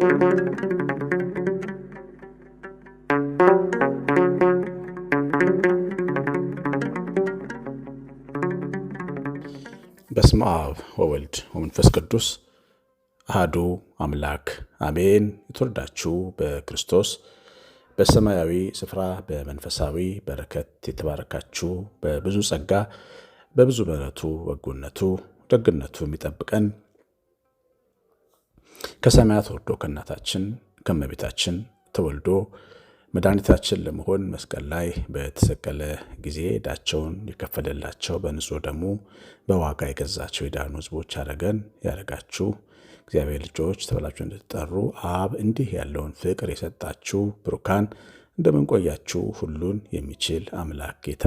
በስመ አብ ወወልድ ወመንፈስ ቅዱስ አህዱ አምላክ አሜን። የተወልዳችሁ በክርስቶስ በሰማያዊ ስፍራ በመንፈሳዊ በረከት የተባረካችሁ በብዙ ጸጋ በብዙ ምሕረቱ፣ ወጎነቱ፣ ደግነቱ የሚጠብቀን ከሰማያት ወርዶ ከእናታችን ከመቤታችን ተወልዶ መድኃኒታችን ለመሆን መስቀል ላይ በተሰቀለ ጊዜ ዕዳቸውን የከፈለላቸው በንጹሕ ደሙ በዋጋ የገዛቸው የዳኑ ሕዝቦች ያደረገን ያደረጋችሁ እግዚአብሔር ልጆች ተብላችሁ እንድትጠሩ አብ እንዲህ ያለውን ፍቅር የሰጣችሁ ብሩካን እንደምንቆያችሁ ሁሉን የሚችል አምላክ ጌታ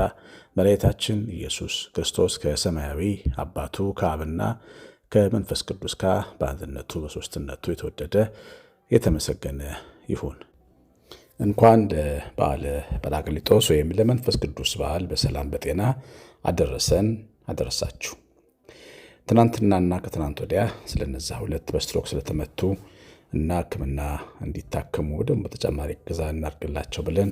መድኃኒታችን ኢየሱስ ክርስቶስ ከሰማያዊ አባቱ ከአብና ከመንፈስ ቅዱስ ጋር በአንድነቱ በሶስትነቱ የተወደደ የተመሰገነ ይሁን። እንኳን ለበዓለ ጰራቅሊጦስ ወይም ለመንፈስ ቅዱስ በዓል በሰላም በጤና አደረሰን አደረሳችሁ። ትናንትናና ከትናንት ወዲያ ስለነዛ ሁለት በስትሮክ ስለተመቱ እና ሕክምና እንዲታከሙ ደግሞ ተጨማሪ እገዛ እናድርግላቸው ብለን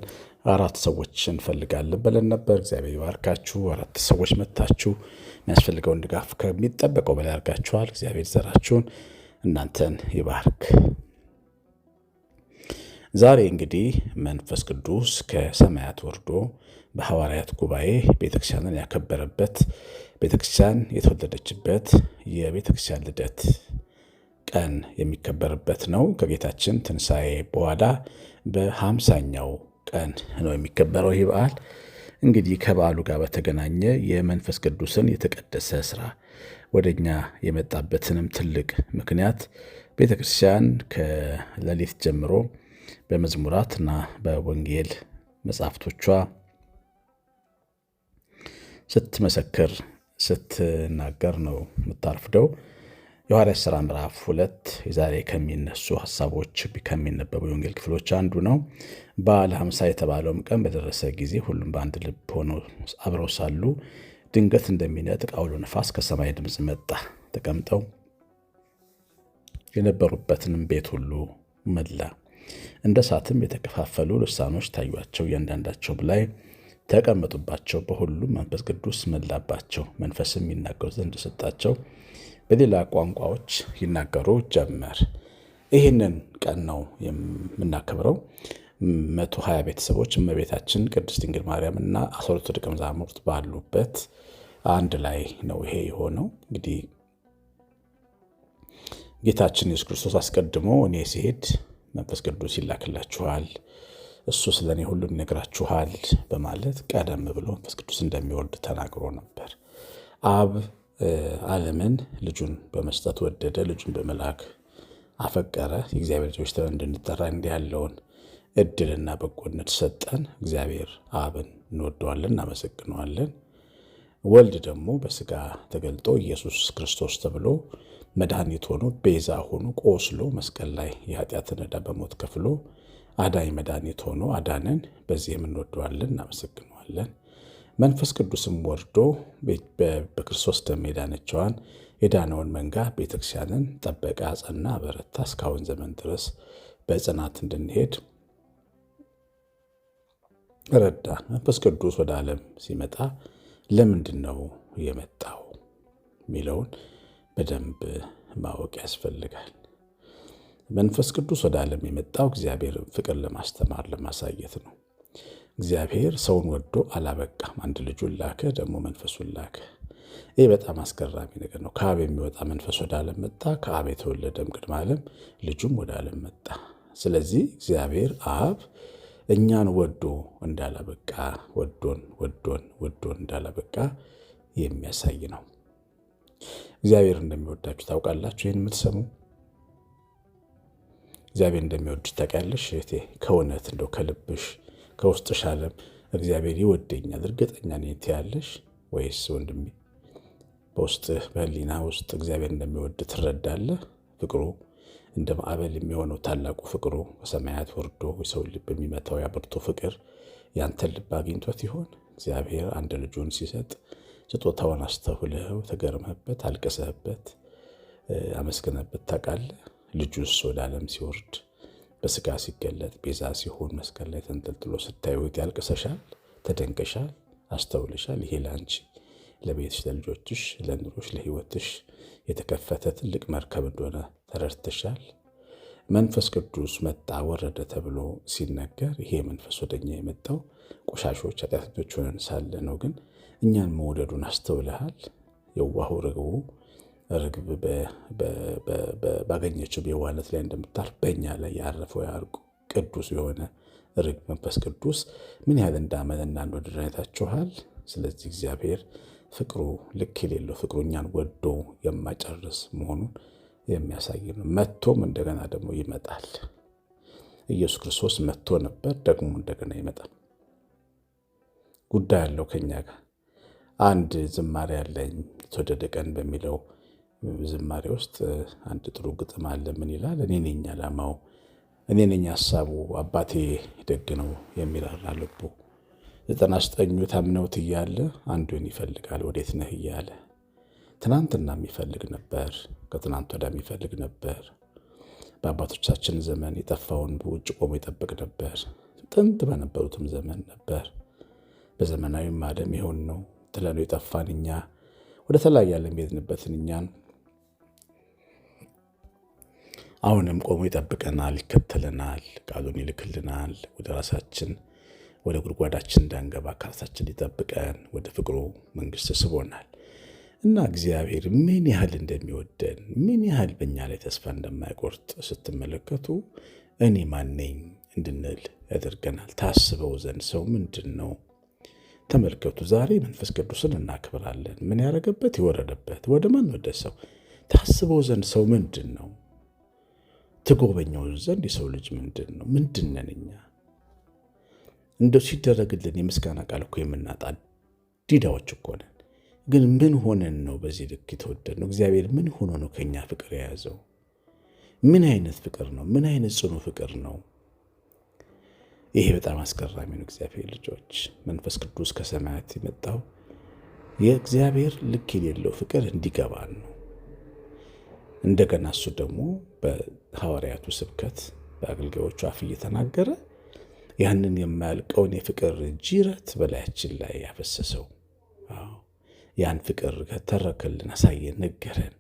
አራት ሰዎች እንፈልጋለን ብለን ነበር። እግዚአብሔር ይባርካችሁ። አራት ሰዎች መታችሁ የሚያስፈልገውን ድጋፍ ከሚጠበቀው በላይ አድርጋችኋል። እግዚአብሔር ዘራችሁን እናንተን ይባርክ። ዛሬ እንግዲህ መንፈስ ቅዱስ ከሰማያት ወርዶ በሐዋርያት ጉባኤ ቤተክርስቲያንን ያከበረበት ቤተክርስቲያን የተወለደችበት የቤተክርስቲያን ልደት ቀን የሚከበርበት ነው። ከጌታችን ትንሣኤ በኋላ በሃምሳኛው ቀን ነው የሚከበረው ይህ በዓል። እንግዲህ ከበዓሉ ጋር በተገናኘ የመንፈስ ቅዱስን የተቀደሰ ስራ ወደ እኛ የመጣበትንም ትልቅ ምክንያት ቤተ ክርስቲያን ከሌሊት ጀምሮ እና በወንጌል መጽሐፍቶቿ ስትመሰክር ስትናገር ነው የምታርፍደው። የሐዋርያት ሥራ ምዕራፍ ሁለት የዛሬ ከሚነሱ ሀሳቦች ከሚነበቡ የወንጌል ክፍሎች አንዱ ነው። በዓለ ሐምሳ የተባለውም ቀን በደረሰ ጊዜ ሁሉም በአንድ ልብ ሆኖ አብረው ሳሉ ድንገት እንደሚነጥቅ አውሎ ነፋስ ከሰማይ ድምፅ መጣ። ተቀምጠው የነበሩበትንም ቤት ሁሉ መላ። እንደ እሳትም የተከፋፈሉ ልሳኖች ታዩአቸው፣ እያንዳንዳቸው ላይ ተቀመጡባቸው። በሁሉም መንፈስ ቅዱስ መላባቸው፣ መንፈስም ይናገሩ ዘንድ ሰጣቸው። በሌላ ቋንቋዎች ይናገሩ ጀመር። ይህንን ቀን ነው የምናከብረው። መቶ ሀያ ቤተሰቦች እመቤታችን ቅድስት ድንግል ማርያም እና አስራ ሁለቱ ደቀ መዛሙርት ባሉበት አንድ ላይ ነው ይሄ የሆነው። እንግዲህ ጌታችን ኢየሱስ ክርስቶስ አስቀድሞ እኔ ሲሄድ መንፈስ ቅዱስ ይላክላችኋል፣ እሱ ስለ እኔ ሁሉን ይነግራችኋል በማለት ቀደም ብሎ መንፈስ ቅዱስ እንደሚወልድ ተናግሮ ነበር። አብ ዓለምን ልጁን በመስጠት ወደደ። ልጁን በመላክ አፈቀረ። የእግዚአብሔር ልጆች እንድንጠራ እንዲህ ያለውን እድልና በጎነት ሰጠን። እግዚአብሔር አብን እንወደዋለን፣ እናመሰግነዋለን። ወልድ ደግሞ በስጋ ተገልጦ ኢየሱስ ክርስቶስ ተብሎ መድኃኒት ሆኖ ቤዛ ሆኖ ቆስሎ መስቀል ላይ የኃጢአትን ዕዳ በሞት ከፍሎ አዳኝ መድኃኒት ሆኖ አዳነን። በዚህም እንወደዋለን፣ እናመሰግነዋለን። መንፈስ ቅዱስም ወርዶ በክርስቶስ ደም የዳነችዋን የዳነውን መንጋ ቤተክርስቲያንን ጠበቀ፣ አጸና፣ በረታ እስካሁን ዘመን ድረስ በጽናት እንድንሄድ ረዳ መንፈስ ቅዱስ ወደ ዓለም ሲመጣ ለምንድን ነው የመጣው የሚለውን በደንብ ማወቅ ያስፈልጋል። መንፈስ ቅዱስ ወደ ዓለም የመጣው እግዚአብሔርን ፍቅር ለማስተማር ለማሳየት ነው። እግዚአብሔር ሰውን ወዶ አላበቃም። አንድ ልጁን ላከ፣ ደግሞ መንፈሱን ላከ። ይህ በጣም አስገራሚ ነገር ነው። ከአብ የሚወጣ መንፈስ ወደ ዓለም መጣ። ከአብ የተወለደም ቅድመ ዓለም ልጁም ወደ ዓለም መጣ። ስለዚህ እግዚአብሔር አብ እኛን ወዶ እንዳላበቃ ወዶን ወዶን ወዶን እንዳላበቃ የሚያሳይ ነው። እግዚአብሔር እንደሚወዳችሁ ታውቃላችሁ። ይህን የምትሰሙ እግዚአብሔር እንደሚወድ ታውቂያለሽ እህቴ ከእውነት እንደው ከልብሽ ከውስጥሽ ዓለም እግዚአብሔር ይወደኛል እርግጠኛ ነኝ ትያለሽ ወይስ ወንድሜ በውስጥህ በህሊና ውስጥ እግዚአብሔር እንደሚወድ ትረዳለህ? ፍቅሩ እንደ ማዕበል የሚሆነው ታላቁ ፍቅሩ በሰማያት ወርዶ የሰው ልብ የሚመታው ያብርቱ ፍቅር ያንተን ልብ አግኝቶት ይሆን? እግዚአብሔር አንድ ልጁን ሲሰጥ ስጦታውን አስተውለው ተገርመህበት፣ አልቅሰህበት፣ አመስግነህበት ታውቃለህ? ልጁስ ወደ ዓለም ሲወርድ በስጋ ሲገለጥ ቤዛ ሲሆን መስቀል ላይ ተንጠልጥሎ ስታዩት ያልቅሰሻል፣ ተደንቀሻል፣ አስተውልሻል። ይሄ ለአንቺ ለቤትሽ፣ ለልጆችሽ፣ ለኑሮሽ፣ ለህይወትሽ የተከፈተ ትልቅ መርከብ እንደሆነ ተረድተሻል። መንፈስ ቅዱስ መጣ ወረደ ተብሎ ሲነገር ይሄ መንፈስ ወደኛ የመጣው ቆሻሾች ኃጢአተኞች ሆነን ሳለ ነው። ግን እኛን መውደዱን አስተውልሃል። የዋሁ ርግቡ ርግብ ባገኘችው የዋህነት ላይ እንደምታርፍ በእኛ ላይ ያረፈው ቅዱስ የሆነ ርግብ መንፈስ ቅዱስ ምን ያህል እና እንደወደደ አይታችኋል። ስለዚህ እግዚአብሔር ፍቅሩ ልክ የሌለው ፍቅሩ እኛን ወዶ የማጨርስ መሆኑን የሚያሳይ ነው። መጥቶም እንደገና ደግሞ ይመጣል። ኢየሱስ ክርስቶስ መጥቶ ነበር፣ ደግሞ እንደገና ይመጣል። ጉዳይ አለው ከኛ ጋር። አንድ ዝማሬ ያለኝ የተወደደ ቀን በሚለው ዝማሬ ውስጥ አንድ ጥሩ ግጥም አለ። ምን ይላል? እኔ ነኝ ዓላማው፣ እኔ ነኝ ሀሳቡ፣ አባቴ ደግ ነው የሚራራ ልቡ። ዘጠና ዘጠኙ ታምነውት እያለ አንዱን ይፈልጋል ወዴት ነህ እያለ። ትናንትና የሚፈልግ ነበር፣ ከትናንት ወዲያ የሚፈልግ ነበር። በአባቶቻችን ዘመን የጠፋውን በውጭ ቆሞ ይጠብቅ ነበር። ጥንት በነበሩትም ዘመን ነበር። በዘመናዊም ዓለም ይሆን ነው ትለሉ የጠፋን እኛ ወደ ተለያየ ዓለም የሄድንበትን እኛን አሁንም ቆሞ ይጠብቀናል፣ ይከተለናል፣ ቃሉን ይልክልናል። ወደ ራሳችን ወደ ጉድጓዳችን እንዳንገባ ከራሳችን ሊጠብቀን ወደ ፍቅሩ መንግስት ስቦናል እና እግዚአብሔር ምን ያህል እንደሚወደን ምን ያህል በእኛ ላይ ተስፋ እንደማይቆርጥ ስትመለከቱ እኔ ማነኝ እንድንል ያደርገናል። ታስበው ዘንድ ሰው ምንድን ነው? ተመልከቱ። ዛሬ መንፈስ ቅዱስን እናክብራለን። ምን ያደረገበት? የወረደበት። ወደ ማን? ወደ ሰው። ታስበው ዘንድ ሰው ምንድን ነው? ትጎበኛው ዘንድ የሰው ልጅ ምንድን ነው? ምንድን ነን እኛ? ሲደረግልን የምስጋና ቃል እኮ የምናጣ ዲዳዎች እኮ ነን። ግን ምን ሆነን ነው በዚህ ልክ የተወደድ ነው? እግዚአብሔር ምን ሆኖ ነው ከኛ ፍቅር የያዘው? ምን አይነት ፍቅር ነው? ምን አይነት ጽኑ ፍቅር ነው? ይሄ በጣም አስገራሚ ነው። እግዚአብሔር ልጆች፣ መንፈስ ቅዱስ ከሰማያት የመጣው የእግዚአብሔር ልክ የሌለው ፍቅር እንዲገባን ነው። እንደገና እሱ ደግሞ በሐዋርያቱ ስብከት በአገልጋዮቹ አፍ እየተናገረ ያንን የማያልቀውን የፍቅር ጅረት በላያችን ላይ ያፈሰሰው ያን ፍቅር ተረከልን፣ አሳየን፣ ነገረን፣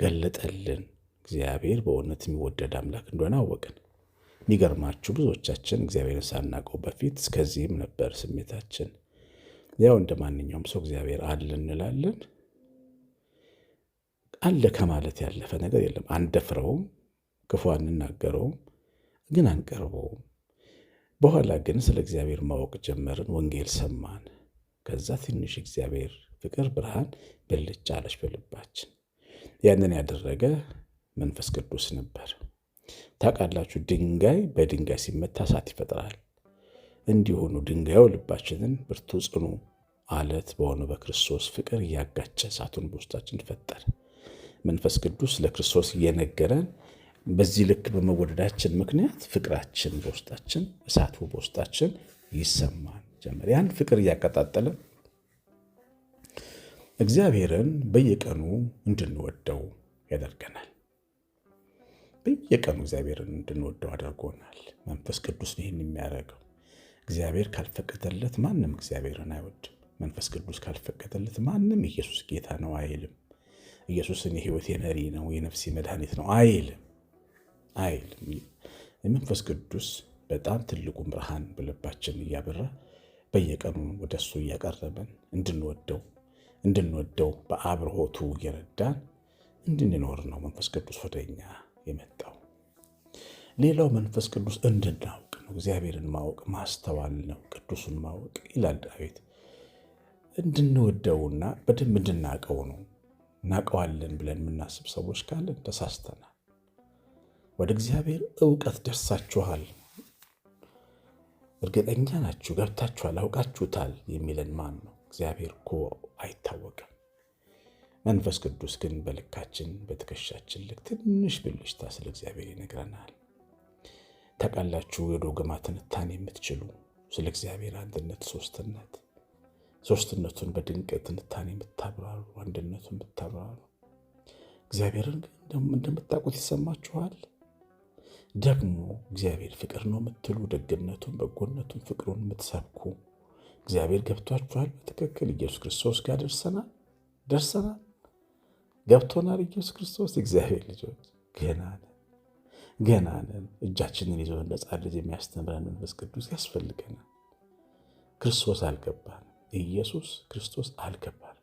ገለጠልን። እግዚአብሔር በእውነት የሚወደድ አምላክ እንደሆነ አወቅን። የሚገርማችሁ ብዙዎቻችን እግዚአብሔርን ሳናውቀው በፊት እስከዚህም ነበር ስሜታችን። ያው እንደ ማንኛውም ሰው እግዚአብሔር አለ እንላለን አለ ከማለት ያለፈ ነገር የለም። አንደፍረውም፣ ክፉ አንናገረውም፣ ግን አንቀርበውም። በኋላ ግን ስለ እግዚአብሔር ማወቅ ጀመርን። ወንጌል ሰማን። ከዛ ትንሽ እግዚአብሔር ፍቅር ብርሃን ብልጭ አለች በልባችን። ያንን ያደረገ መንፈስ ቅዱስ ነበር። ታውቃላችሁ፣ ድንጋይ በድንጋይ ሲመታ እሳት ይፈጥራል። እንዲሆኑ ድንጋዩ ልባችንን ብርቱ ጽኑ አለት በሆኑ በክርስቶስ ፍቅር እያጋጨ እሳቱን በውስጣችን ፈጠረ። መንፈስ ቅዱስ ለክርስቶስ እየነገረን በዚህ ልክ በመወደዳችን ምክንያት ፍቅራችን በውስጣችን እሳቱ በውስጣችን ይሰማል ጀመር። ያን ፍቅር እያቀጣጠለ እግዚአብሔርን በየቀኑ እንድንወደው ያደርገናል። በየቀኑ እግዚአብሔርን እንድንወደው አድርጎናል። መንፈስ ቅዱስ ነው ይህን የሚያደርገው። እግዚአብሔር ካልፈቀደለት ማንም እግዚአብሔርን አይወድም። መንፈስ ቅዱስ ካልፈቀደለት ማንም ኢየሱስ ጌታ ነው አይልም። ኢየሱስን የህይወት የነሪ ነው የነፍሴ መድኃኒት ነው አይልም አይልም። የመንፈስ ቅዱስ በጣም ትልቁን ብርሃን በልባችን እያበራ በየቀኑ ወደ እሱ እያቀረበን እንድንወደው እንድንወደው በአብርሆቱ እየረዳን እንድንኖር ነው መንፈስ ቅዱስ ወደኛ የመጣው። ሌላው መንፈስ ቅዱስ እንድናውቅ ነው፣ እግዚአብሔርን ማወቅ ማስተዋል ነው፣ ቅዱሱን ማወቅ ይላል ዳዊት። እንድንወደውና በደንብ እንድናውቀው ነው እናቀዋለን ብለን የምናስብ ሰዎች ካለን ተሳስተናል። ወደ እግዚአብሔር እውቀት ደርሳችኋል፣ እርግጠኛ ናችሁ፣ ገብታችኋል፣ አውቃችሁታል የሚለን ማን ነው? እግዚአብሔር እኮ አይታወቅም። መንፈስ ቅዱስ ግን በልካችን በትከሻችን ልክ ትንሽ ብልሽታ ስለ እግዚአብሔር ይነግረናል። ታውቃላችሁ የዶግማ ትንታኔ የምትችሉ ስለ እግዚአብሔር አንድነት፣ ሶስትነት ሶስትነቱን በድንቅ ትንታኔ የምታብራሩ አንድነቱን የምታብራሩ እግዚአብሔርን እንደምታውቁት ይሰማችኋል። ደግሞ እግዚአብሔር ፍቅር ነው የምትሉ ደግነቱን፣ በጎነቱን፣ ፍቅሩን የምትሰብኩ እግዚአብሔር ገብቷችኋል። በትክክል ኢየሱስ ክርስቶስ ጋር ደርሰናል ደርሰናል ገብቶናል። ኢየሱስ ክርስቶስ እግዚአብሔር ልጆች ገና ነን ገና ነን። እጃችንን ይዞ እንደ ጻድቅ የሚያስተምረን መንፈስ ቅዱስ ያስፈልገናል። ክርስቶስ አልገባን ኢየሱስ ክርስቶስ አልገባንም።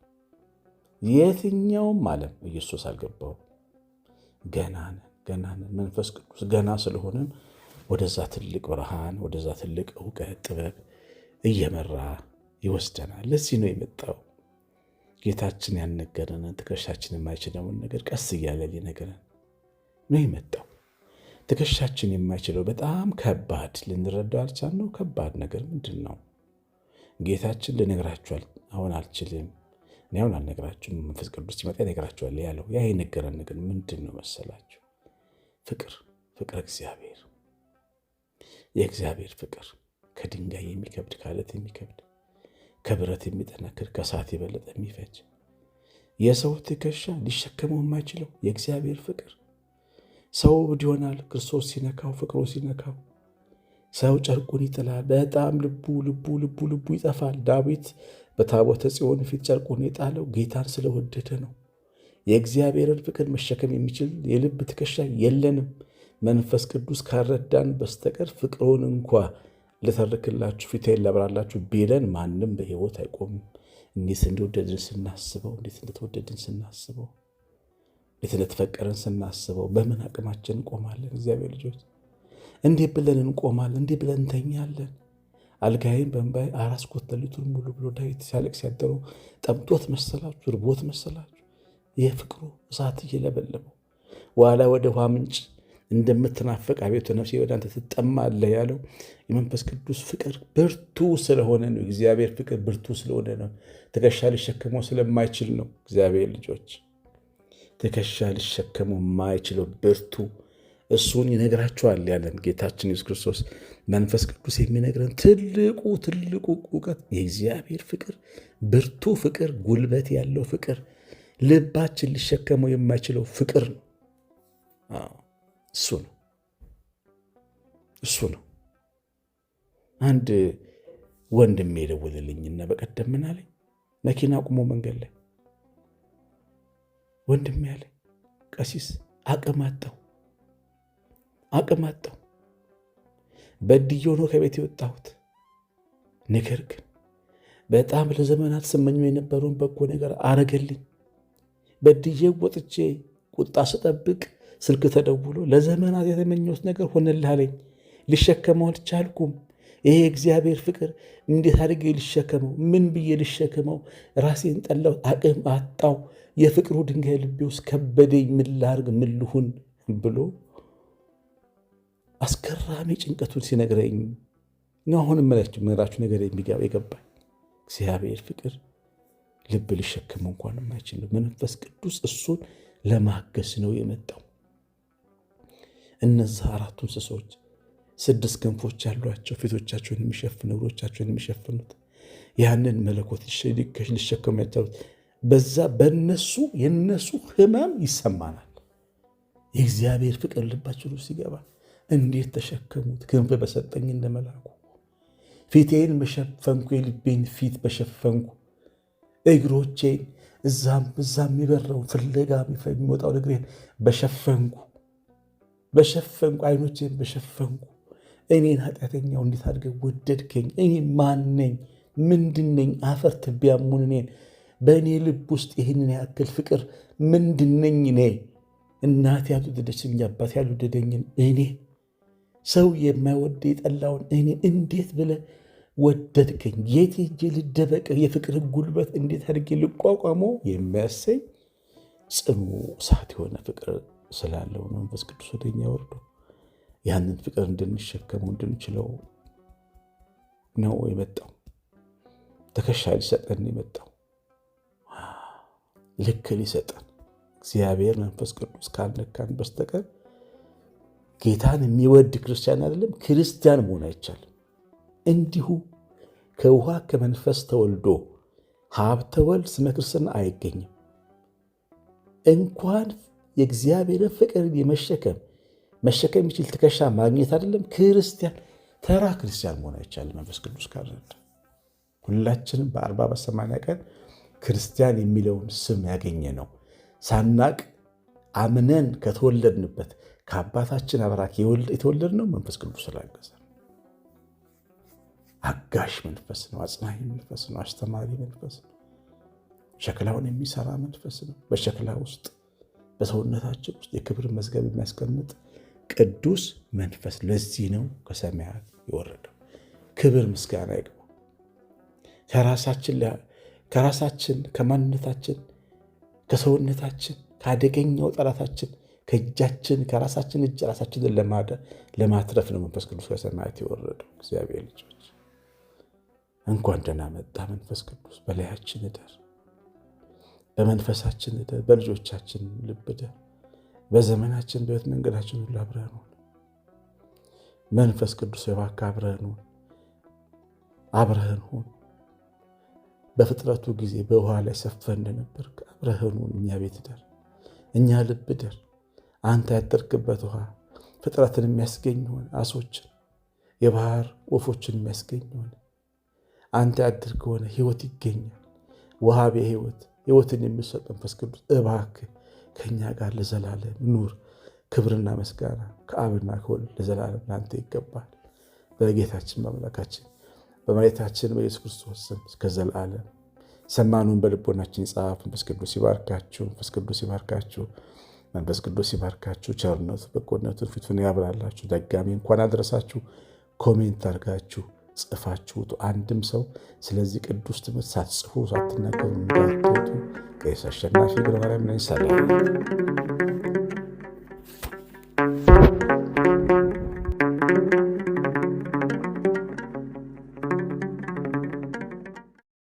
የትኛውም ዓለም ኢየሱስ አልገባው። ገና ነን፣ ገና ነን። መንፈስ ቅዱስ ገና ስለሆነን ወደዛ ትልቅ ብርሃን፣ ወደዛ ትልቅ እውቀት፣ ጥበብ እየመራ ይወስደናል። ለዚህ ነው የመጣው ጌታችን ያልነገረንን ትከሻችን የማይችለውን ነገር ቀስ እያለ ሊነገረን ነው የመጣው። ትከሻችን የማይችለው በጣም ከባድ ልንረዳው አልቻልነው ከባድ ነገር ምንድን ነው? ጌታችን ልነግራችኋል አሁን አልችልም፣ እኔ አሁን አልነግራችሁም፣ መንፈስ ቅዱስ ሲመጣ ይነግራችኋል ያለው ያ የነገረን ነገር ምንድን ነው መሰላችሁ? ፍቅር፣ ፍቅር እግዚአብሔር፣ የእግዚአብሔር ፍቅር ከድንጋይ የሚከብድ ከአለት የሚከብድ ከብረት የሚጠናክር ከእሳት የበለጠ የሚፈጅ የሰው ትከሻ ሊሸከመው የማይችለው የእግዚአብሔር ፍቅር ሰው እብድ ይሆናል። ክርስቶስ ሲነካው ፍቅሩ ሲነካው ሰው ጨርቁን ይጥላል። በጣም ልቡ ልቡ ልቡ ልቡ ይጠፋል። ዳዊት በታቦተ ጽዮን ፊት ጨርቁን የጣለው ጌታን ስለወደደ ነው። የእግዚአብሔርን ፍቅር መሸከም የሚችል የልብ ትከሻ የለንም። መንፈስ ቅዱስ ካረዳን በስተቀር ፍቅሩን እንኳ ልተርክላችሁ ፊቴን ላብራላችሁ ቢለን ማንም በሕይወት አይቆምም። እንዴት እንደወደድን ስናስበው፣ እንዴት እንደተወደድን ስናስበው፣ እንዴት እንደተፈቀረን ስናስበው፣ በምን አቅማችን እንቆማለን? እግዚአብሔር ልጆች እንዴት ብለን እንቆማለን? እንዴት ብለን እንተኛለን? አልጋይን በንባይ አራስ ሌሊቱን ሙሉ ብሎ ዳዊት ሲያለቅ ሲያደረው ጠምቶት መሰላችሁ? ርቦት መሰላችሁ? የፍቅሩ እሳት እየለበለበው ዋላ ወደ ውሃ ምንጭ እንደምትናፍቅ አቤቱ ነፍሴ ወደ አንተ ትጠማለህ ያለው የመንፈስ ቅዱስ ፍቅር ብርቱ ስለሆነ ነው። እግዚአብሔር ፍቅር ብርቱ ስለሆነ ነው። ትከሻ ሊሸከመው ስለማይችል ነው። እግዚአብሔር ልጆች ትከሻ ሊሸከመው የማይችለው ብርቱ እሱን ይነግራቸዋል ያለን ጌታችን ኢየሱስ ክርስቶስ መንፈስ ቅዱስ የሚነግረን ትልቁ ትልቁ እውቀት የእግዚአብሔር ፍቅር፣ ብርቱ ፍቅር፣ ጉልበት ያለው ፍቅር፣ ልባችን ሊሸከመው የማይችለው ፍቅር ነው። እሱ ነው እሱ ነው። አንድ ወንድም የደውልልኝና በቀደም ምን አለኝ፣ መኪና ቁሞ መንገድ ላይ ወንድ ያለ ቀሲስ አቅም አጣሁ አቅም አጣው? በድዬ ነው ከቤት የወጣሁት። ነገር ግን በጣም ለዘመናት ስመኘው የነበረውን በጎ ነገር አረገልኝ። በድዬ ወጥቼ ቁጣ ስጠብቅ ስልክ ተደውሎ ለዘመናት የተመኘሁት ነገር ሆነልሃለኝ። ልሸከመው አልቻልኩም። ይሄ እግዚአብሔር ፍቅር እንዴት አድርጌ ልሸከመው? ምን ብዬ ልሸከመው? ራሴን ጠላው፣ አቅም አጣው። የፍቅሩ ድንጋይ ልቤ ውስጥ ከበደኝ። ምን ላርግ? ምን ልሁን ብሎ አስገራሚ ጭንቀቱን ሲነግረኝ ነው። አሁን የምነግራችሁ ነገር የገባኝ እግዚአብሔር ፍቅር ልብ ሊሸክም እንኳን የማይችል መንፈስ ቅዱስ እሱን ለማገስ ነው የመጣው። እነዚህ አራቱ እንስሶች ስድስት ክንፎች ያሏቸው ፊቶቻቸውን የሚሸፍኑ እግሮቻቸውን የሚሸፍኑት ያንን መለኮት ሊሸከሙ ያልቻሉት በዛ በነሱ የነሱ ህመም ይሰማናል። የእግዚአብሔር ፍቅር ልባችን ውስጥ ይገባል። እንዴት ተሸከሙት? ክንፍ በሰጠኝ እንደ መላኩ ፊቴን በሸፈንኩ የልቤን ፊት በሸፈንኩ እግሮቼን እዛም እዛም የሚበረውን ፍለጋ የሚወጣውን እግሬን በሸፈንኩ በሸፈንኩ አይኖቼን በሸፈንኩ እኔን ኃጢአተኛው እንዴት አድርገህ ወደድከኝ? እኔ ማነኝ? ምንድነኝ? አፈር ትቢያ ሙን እኔን በእኔ ልብ ውስጥ ይህንን ያክል ፍቅር ምንድነኝ? እኔ እናቴ ያልወደደችኝ አባቴ ያልወደደኝን እኔ ሰው የማይወድ የጠላውን እኔ እንዴት ብለ ወደድከኝ? የት ሄጄ ልደበቀ? የፍቅር ጉልበት እንዴት አድርጌ ልቋቋሞ የሚያሰኝ ጽኑ እሳት የሆነ ፍቅር ስላለው መንፈስ ቅዱስ ወደኛ ወርዶ ያንን ፍቅር እንድንሸከመው እንድንችለው ነው የመጣው። ትከሻ ሊሰጠን የመጣው ልክ ሊሰጠን እግዚአብሔር መንፈስ ቅዱስ ካልነካን በስተቀር ጌታን የሚወድ ክርስቲያን አይደለም፣ ክርስቲያን መሆን አይቻልም። እንዲሁ ከውሃ ከመንፈስ ተወልዶ ሀብተ ወልድ ስመ ክርስትና አይገኝም። እንኳን የእግዚአብሔርን ፍቅር የመሸከም መሸከም የሚችል ትከሻ ማግኘት አይደለም ክርስቲያን ተራ ክርስቲያን መሆን አይቻልም። መንፈስ ቅዱስ ካልረዳ ሁላችንም በአርባ በሰማንያ ቀን ክርስቲያን የሚለውን ስም ያገኘ ነው። ሳናቅ አምነን ከተወለድንበት ከአባታችን አብራክ የተወለድ ነው መንፈስ ቅዱስ ስላገዘ አጋሽ መንፈስ ነው። አጽናኝ መንፈስ ነው። አስተማሪ መንፈስ ነው። ሸክላውን የሚሰራ መንፈስ ነው። በሸክላ ውስጥ በሰውነታችን ውስጥ የክብር መዝገብ የሚያስቀምጥ ቅዱስ መንፈስ። ለዚህ ነው ከሰማያት የወረደው። ክብር ምስጋና ይግባ። ከራሳችን ከማንነታችን ከሰውነታችን ከአደገኛው ጠላታችን ከእጃችን ከራሳችን እጅ ራሳችንን ለማትረፍ ነው መንፈስ ቅዱስ ከሰማያት የወረደው። እግዚአብሔር ልጆች እንኳን ደህና መጣ መንፈስ ቅዱስ። በላያችን እደር፣ በመንፈሳችን እደር፣ በልጆቻችን ልብ እደር፣ በዘመናችን በሕይወት መንገዳችን ሁሉ አብረኑን። መንፈስ ቅዱስ የባካ አብረኑን አብረህን ሁን በፍጥረቱ ጊዜ በውሃ ላይ ሰፈ እንደነበርክ አብረህን ሁን። እኛ ቤት ደር፣ እኛ ልብ ደር፣ አንተ ያደርግበት ውሃ ፍጥረትን የሚያስገኝ ሆን አሶችን፣ የባህር ወፎችን የሚያስገኝ ሆን አንተ ያድር ከሆነ ህይወት ይገኛል። ውሃቤ ህይወት ህይወትን የሚሰጥ መንፈስ ቅዱስ እባክህ ከእኛ ጋር ለዘላለም ኑር። ክብርና መስጋና ከአብና ከወልድ ለዘላለም ለአንተ ይገባል። በጌታችን በአምላካችን በመሬታችን በኢየሱስ ክርስቶስ ስም እስከ ዘላለም ሰማኑን በልቦናችን ይጻፍ። መንፈስ ቅዱስ ይባርካችሁ። መንፈስ ቅዱስ ይባርካችሁ። መንፈስ ቅዱስ ይባርካችሁ። ቸርነት በጎነቱን ፊቱን ያብራላችሁ። ደጋሚ እንኳን አድረሳችሁ። ኮሜንት አድርጋችሁ ጽፋችሁት አንድም ሰው ስለዚህ ቅዱስ ትምህርት ሳትጽፉ ሳትናገሩ እንዳትወጡ። ቄስ አሸናፊ ገብረማርያም ነኝ። ሰላም